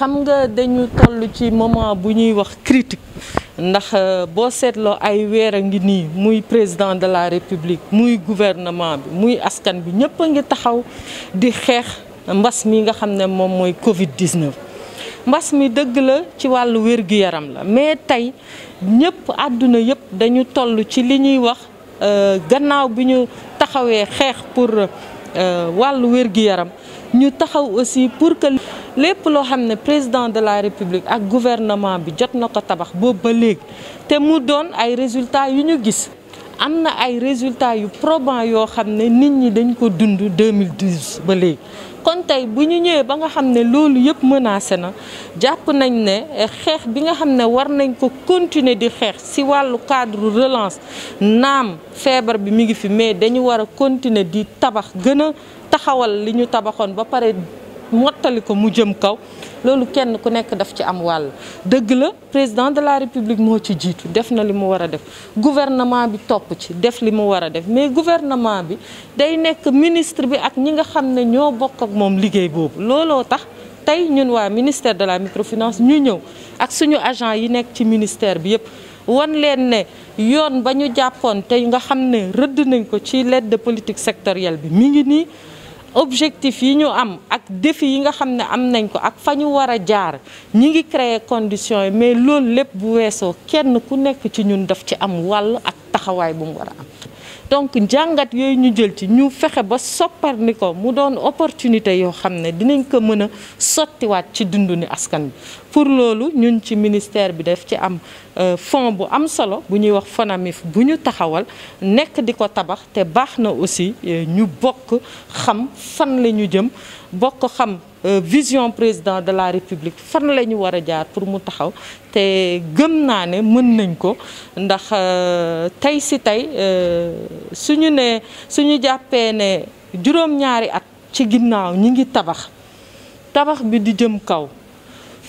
xam nga dañu toll ci moment bu ñuy wax critique ndax euh, boo seetloo ay weer a ngi nii muy président de la république muy gouvernement bi muy askan bi ñëpp a ngi taxaw di xeex mbas mi nga xam ne moom mooy Covid 19. mbas mi dëgg la ci wàllu wér-gu-yaram la mais tey ñëpp àdduna yëpp dañu toll ci li ñuy wax euh, gannaaw bi ñu taxawee xeex pour. Euh, wàllu wér-gu-yaram ñu taxaw aussi pour que lépp loo xam ne président de la république ak gouvernement bi jot na ko tabax boobu ba léegi te mu doon ay résultats yu ñu gis am na ay résultats yu probants yoo xam ne nit ñi dañ ko dund 2012 ba léegi kon tey bu ñu ñëwee ba nga xam ne loolu yëpp menacé na jàpp nañ ne eh, xeex bi nga xam ne war nañ ko continuer di xeex ci wàllu cadre relance naam feebar bi mu ngi fi mais dañu war a continuer di tabax gën a taxawal li ñu tabaxoon ba pare mottali ko mu jëm kaw loolu kenn ku nekk daf ci am wàll dëgg la président de la république moo ci jiitu def na li mu war a def gouvernement bi topp ci def li mu war a def mais gouvernement bi day nekk ministre bi ak ñi nga xam ne ñoo bokk ak moom liggéey boobu looloo tax tey ñun waa ministère de la microfinance ñu ñëw ak suñu agent yi nekk ci ministère bi yëpp wan leen ne yoon ba ñu jàppoon tey nga xam ne rëdd nañ ko ci lettre de politique sectorielle bi mi ngi nii objectif yi ñu am ak défi yi nga xam ne am nañ ko ak fa ñu war a jaar ñi ngi créer conditions yi mais loolu lépp bu weesoo kenn ku nekk ci ñun daf ci am wàll ak taxawaay bu mu war a am donc njàngat yooyu ñu jël ci ñu fexe ba soppar ni ko mu doon opportunité yoo xam ne dinañ ko mën a sottiwaat ci dundu ni askan bi pour loolu ñun ci ministère bi def ci am euh, fonds bu am solo bu ñuy wax FONAMIF bu ñu taxawal nekk di ko tabax te baax na aussi euh, ñu bokk xam fan la ñu jëm bokk xam Euh, vision président de la république fan la ñu war a jaar pour mu taxaw te gëm naa ne mën nañ ko ndax euh, tey si tey euh, suñu ne suñu jàppee ne juróom-ñaari at ci ginnaaw ñi ngi tabax tabax bi di jëm kaw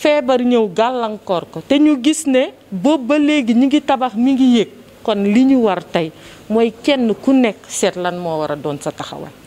feebar ñëw gàllankoor ko te ñu gis ne boobu ba léegi ñi ngi tabax mi ngi yéeg kon li ñu war tey mooy kenn ku nekk seet lan moo war a doon sa taxawal